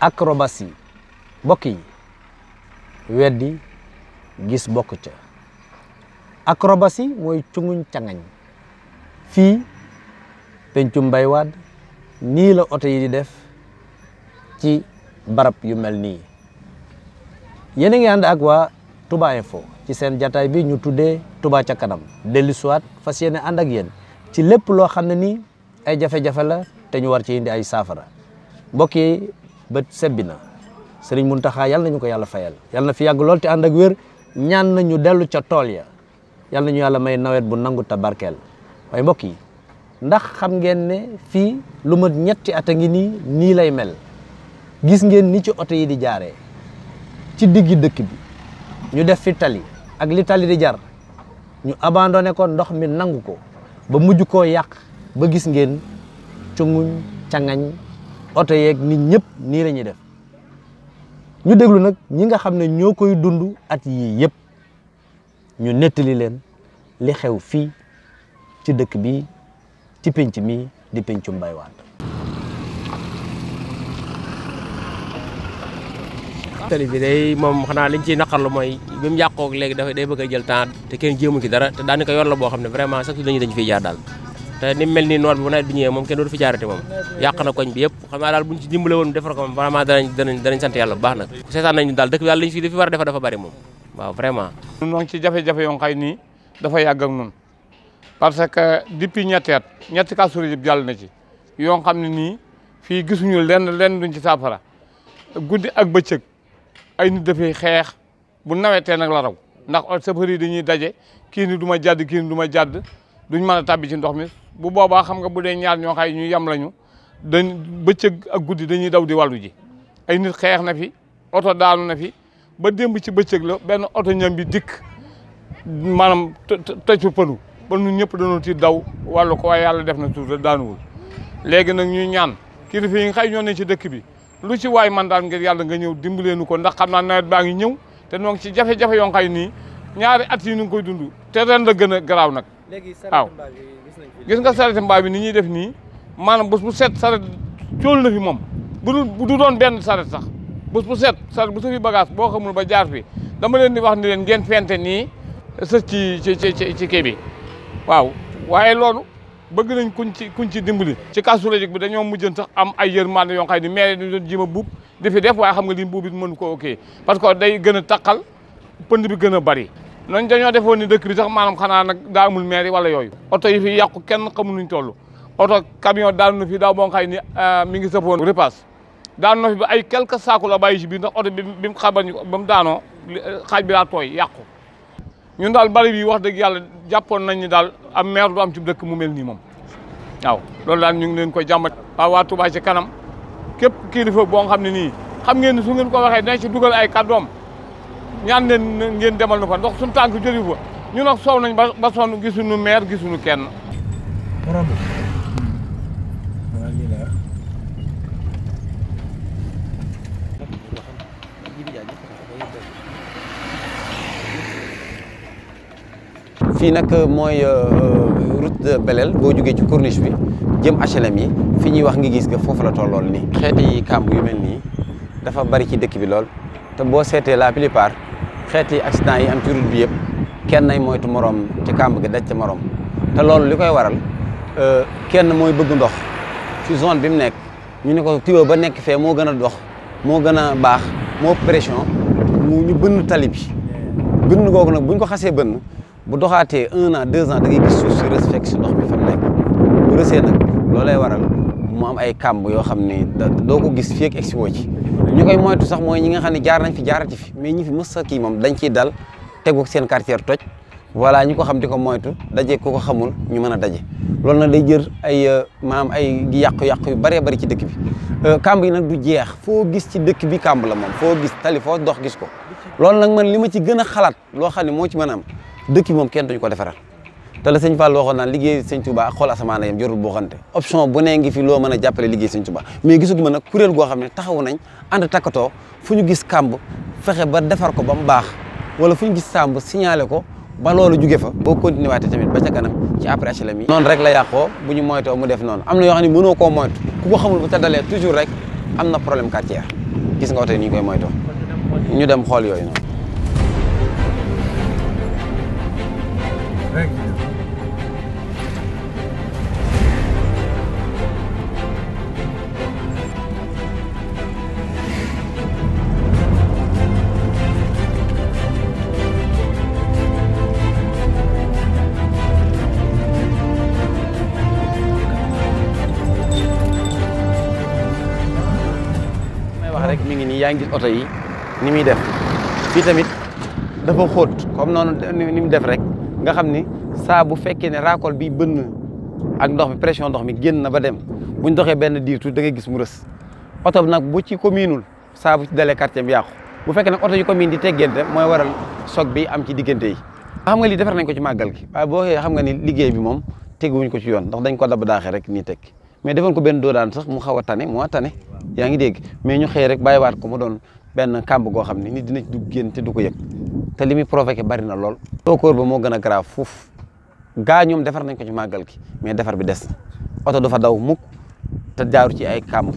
acrobatie bokk yi weddi gis bokk ca acrobatie mooy cunguñ cangañ fii pencum mbaywaad nii la oto yi di def ci barab yu mel nii yéen a ngi ànd ak waa Touba foo ci seen jataay bi ñu tuddee tubaa ca kanam dellu siwaat fas yéene ànd ak yéen ci lépp loo xam ne nii ay jafe-jafe la te ñu war ci indi ay saafara mbokk bët sebbi na sëriñ taxaa yal nañu ko yàlla fayal yal na fi yàgg lool te ànd ak wér ñaan nañu dellu ca tool ya yal nañu yàlla may nawet bu nangu tabarkeel barkeel waaye mbokk yi ndax xam ngeen ne fii lu mat ñetti at a ngi nii nii lay mel gis ngeen ni ci oto yi di jaare ci diggi dëkk bi ñu def fi tali ak li tali di jar ñu abandonné ko ndox mi nangu ko ba mujj koo yàq ba gis ngeen cunguñ cangañ oto yeeg nit ñëpp nii la ñuy def ñu déglu nag ñi nga xam ne ñoo koy dund at yi yëpp ñu nettali leen li xew fi ci dëkk bi ci pénc mi di péncu Mbaye Wade tali bi day moom xanaa liñ ciy naqarlu mooy bi mu yàqoog léegi dafay day bëgg a jël temps te kenn jéemu ci dara te daanaka yoon la boo xam ne vraiment sax dañu dañ fiy jaar daal te ni mel ni noor bi bu nawet bi ñëwee moom kenn dootu fi jaarate moom yàq na koñ bi yëpp xam naa daal buñ ci dimbale bu baax nag seetaan war a defar dafa bari moom waaw vraiment ñun ngi ci jafe-jafe yoo xay nii dafa yàgg nun parce que depuis ñetti at ñetti Kazu Rajab jàll na ci yoo xam ne nii fii gisuñu lenn lenn duñ ci saafara guddi ak bëccëg ay nit dafay xeex bu nawetee nag la raw ndax safari dañuy daje kii ni du ma jàdd kii ni du ma jàdd duñ mën a tàbbi ci ndox mi bu boobaa xam nga bu dee ñaar ñoo xay ñu yem dañ bëccëg ak guddi dañuy daw di wàllu ji ay nit xeex na fi oto daanu na fi ba démb ci bëccëg la benn oto ñam bi dikk maanaam tëccu pënu ba ñun ñëpp dañoo ci daw wàllu ko waaye yàlla def na tuuti daanuwul léegi nag ñuy ñaan kilifa yi nga xay ñoo ne ci dëkk bi lu ci waay man daal ngir yàlla nga ñëw dimbaleenu ko ndax xam naa nawet baa ngi ñëw te noo ngi ci jafe-jafe yoo xam nii ñaari at yi ñu ngi koy dund te ren la gën a garaaw nag waaw gis ga sareet mbaa bi ni ñuy def nii maanaam bés bu set sareet cool na fi moom bu du doon benn sareet sax bés bu set sareet bu sa fi bagage boo xamul ba jaar fi dama leen di wax ni leen ngeen fente nii sës ci ci ci bi waaw waaye loolu bëgg nañ kuñ ci kuñ ci dimbali ci kasulajik bi dañoo mujjën sax am ay yërmande yoo xam ne maire di doon jéem a buub di fi def waaye xam nga li buub it mënu ko ok parce que day gën a taqal pënd bi gën a bari noonu dañoo defoon ni dëkk bi sax maanaam xanaa nag daa amul maire yi wala yooyu oto yi fi yàqu kenn xamul nuñ toll oto camion daanu na fi daaw boo xay ni euh, mi ngi sëfoon repasse daanu na fi ba ay quelques saako la bàyyi ci biir ndax oto bi bi mu xaban ba mu daanoo euh, xaaj bi daa tooy yàqu ñun daal bari bi wax dëgg yàlla jàppoon nañ ni daal am maire du am ci dëkk mu mel nii moom waaw loolu daal ñu ngi leen koy jàmbat waaw waa Touba ci kanam képp kilifa boo xam ne nii xam ngeen ni su ngeen ko waxee dinañ ci dugal ay kàddoom ñaan ngeen demal nu fa ndox suñu tànk jëriñu fa ñu nag soow nañ ba ba sonn gisuñu maire gisuñu kenn. fii nag euh, mooy euh, route de boo jógee ci corniche bi jëm HLM yi fi ñuy wax ngi gis nga foofu la tollool nii. xeeti kàmb yu mel nii dafa bari ci dëkk bi lool te boo seetee la plupart. xeeti accident yi am ci route bi yëpp kenn nay moytu morom ci kàmb gi daj ca morom te loolu li koy waral euh, kenn mooy bëgg ndox si zone bi mu nekk ñu ne ko tuyau ba nekk fee moo gën a dox moo gën a baax moo pression mu ñu bënn tali bi bënn googu nag bu ñu ko xasee bënn bu doxaatee un an deux ans da ngay gis suuf si rës fekk si ndox mi fa nekk bu rësee nag loolay waral mu am ay kamb yoo xam ne doo ko gis fii ak egsi woo ci ñu koy moytu sax mooy ñi nga xam ne jaar nañ fi jaarati fi mais ñi fi mës a kii moom dañ ciy dal tegu seen quartier toj voilà ñu ko xam di ko moytu daje ko ko xamul ñu mën a daje loolu na day jër ay euh, maanaam ay yàqu-yàqu yu bëree bëri ci dëkk bi euh, kàmb yi nag du jeex foo gis ci dëkk bi kàmb la moom foo gis tali foo dox gis ko loolu nag man li ma ci gën a xalaat loo xam ne moo ci mën a dëkk bi moom kenn duñu ko defaral te la sëñ Fall waxoon naan liggéey sëñ Touba ak xool asamaan yam jorul boo xante option bu nee ngi fi loo mën a jàppale liggéey sëñ Touba mais gisuguma nag kuréel goo xam ne taxaw nañ ànd takkatoo fu ñu gis kàmb fexe ba defar ko ba mu baax wala fu ñu gis sàmb signalé ko ba loolu jóge fa boo continué waate tamit ba ca kanam ci après HLM yi noonu rek la yàqo bu ñu moytoo mu def noonu am na yoo xam ne mënoo koo moytu ku ko xamul bu ca dalee toujours rek am na problème quartier gis nga oto ni ñu koy ñu dem xool yooyu yaa ngi gis oto yi ni muy def fii tamit dafa xóot comme noonu ni mu def rek nga xam ni saa bu fekkee ne raakool bi bënn ak ndox mi pression ndox mi génn na ba dem bu buñ doxee benn diir tuuti da ngay gis mu rës oto bi nag bu ci communeul saa bu ci dalee quartier bi bu fekkee nag oto yu commune di teggente mooy waral soog bi am ci diggante yi xam nga lii defar nañ ko ci màggal gi waaye boo xam nga ni liggéey bi moom teguwuñ ko ci yoon ndax dañ ko dab daaxee rek nii tekki mais defoon ko benn doodaan sax mu xaw a tane moo tane yaa ngi dégg mais ñu xëy rek bàyyiwaat ko mu doon benn kàmb goo xam ne nit dina ci dugg génn te du ko yëg te li muy provoqué bari na lool. tookoor ba moo gën a grave fuuf gaa ñoom defar nañ ko ci màggal gi mais defar bi des na oto dafa daw mukk te jaaru ci ay kàmb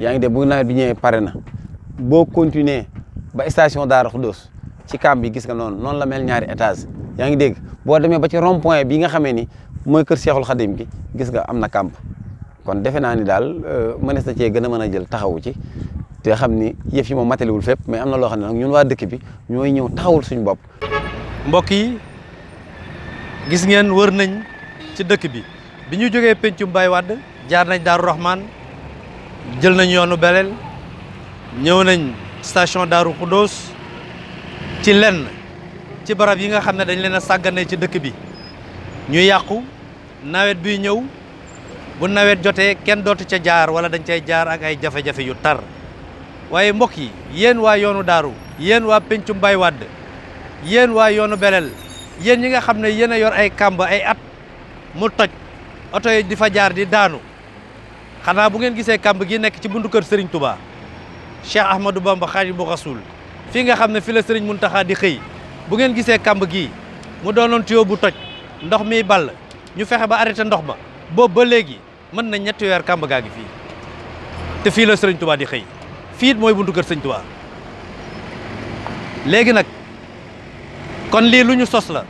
yaa ngi dégg bu nawet bi ñëwee pare na boo continuer ba station Daara Khoudoss ci kàmb yi gis nga noonu noonu la mel ñaari étage yaa ngi dégg boo demee ba ci rond bi nga xamee ni mooy kër Seexul Xadim gi gis nga am na kàmb. kon defe naa ni daal euh, mënees na cee gën a mën a jël taxawu ci te xam ni yëf yi moom matalewul fépp mais am na loo xam ne nag ñun waa dëkk bi ñooy ñëw taxawul suñu bopp. mbokk yi gis ngeen wër nañ ci dëkk bi bi ñu jógee Pencum Baye Wade jaar nañ Daaru Rahman jël nañ yoonu Belel ñëw nañ station Daaru Khoudoss ci lenn ci barab yi nga xam ne dañ leen a sàgganee ci dëkk bi ñu yàqu nawet bi ñëw. bu nawet jotee kenn dootu ca jaar wala dañ cay jaar ak ay jafe-jafe yu tar waaye mbokk yi yéen waa yoonu daaru yéen waa péncu mbay wadd yéen waa yoonu belel yéen ñi nga xam ne yéen a yor ay kàmb ay at mu toj oto yi di fa jaar di daanu xanaa bu ngeen gisee kàmb gi nekk ci buntu kër sëriñ tubaa Touba Cheikh Ahmadou Bamba Khadimou Rassoul fii nga xam ne fi la Serigne Mountakha di xëy bu ngeen gisee kàmb gi mu doonoon tuyau bu toj ndox mi ball ñu fexe ba arrêté ndox ma boobu ba léegi mën na ñetti weer kàmb gaa ngi fii te fii la sëriñ di xëy fii it mooy buntu kër sëriñ Touba léegi nag kon lii lu ñu sos la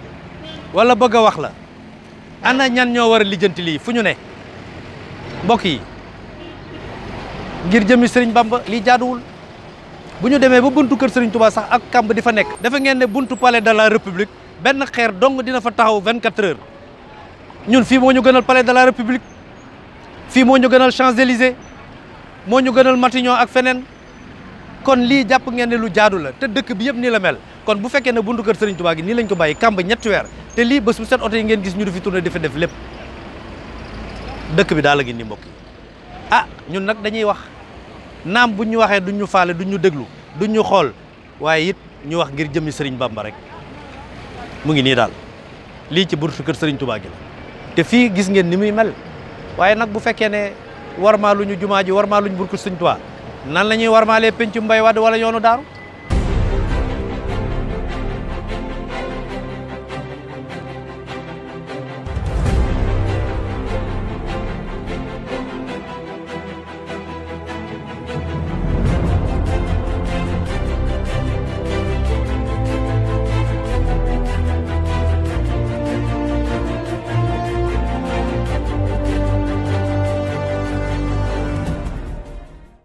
wala bëgg a wax la ana ñan ñoo war a lijjanti lii fu ñu ne mbokk yi ngir jëmi sëriñ Bamba lii jaaduwul bu ñu demee ba buntu kër sëriñ Touba sax ak kàmb di fa nekk. dafa ngeen ne buntu palais de la république benn xeer dong dina fa taxaw 24 heures ñun fii moo ñu gënal palais de la république. fii moo ñu gënal Champs-Élysées moo ñu gënal Matignon ak feneen kon lii jàpp ngeen ne lu jaadu la te dëkk bi yëpp nii la mel kon bu fekkee ne buntu kër Serigne Touba gi nii lañ ko bàyyi kàmb ñetti weer te lii bés bu set oto yi ngeen gis ñu du fi tourné di fi def lépp dëkk bi daal la ngi nii mbokk yi ah ñun nag dañuy wax naam bu ñu waxee duñ ñu faale duñ ñu déglu duñ ñu xool waaye it ñu wax ngir jëmmi sëriñ Bamba rek mu ngi nii daal lii ci buntu kër Serigne Touba waaye nag bu fekkee ne warmaa lu ñu jumaa ji warmaa lu ñu burku Sëñ Tuubaa nan la ñuy warmaalee pencu mbay wadd wala ñoonu daaru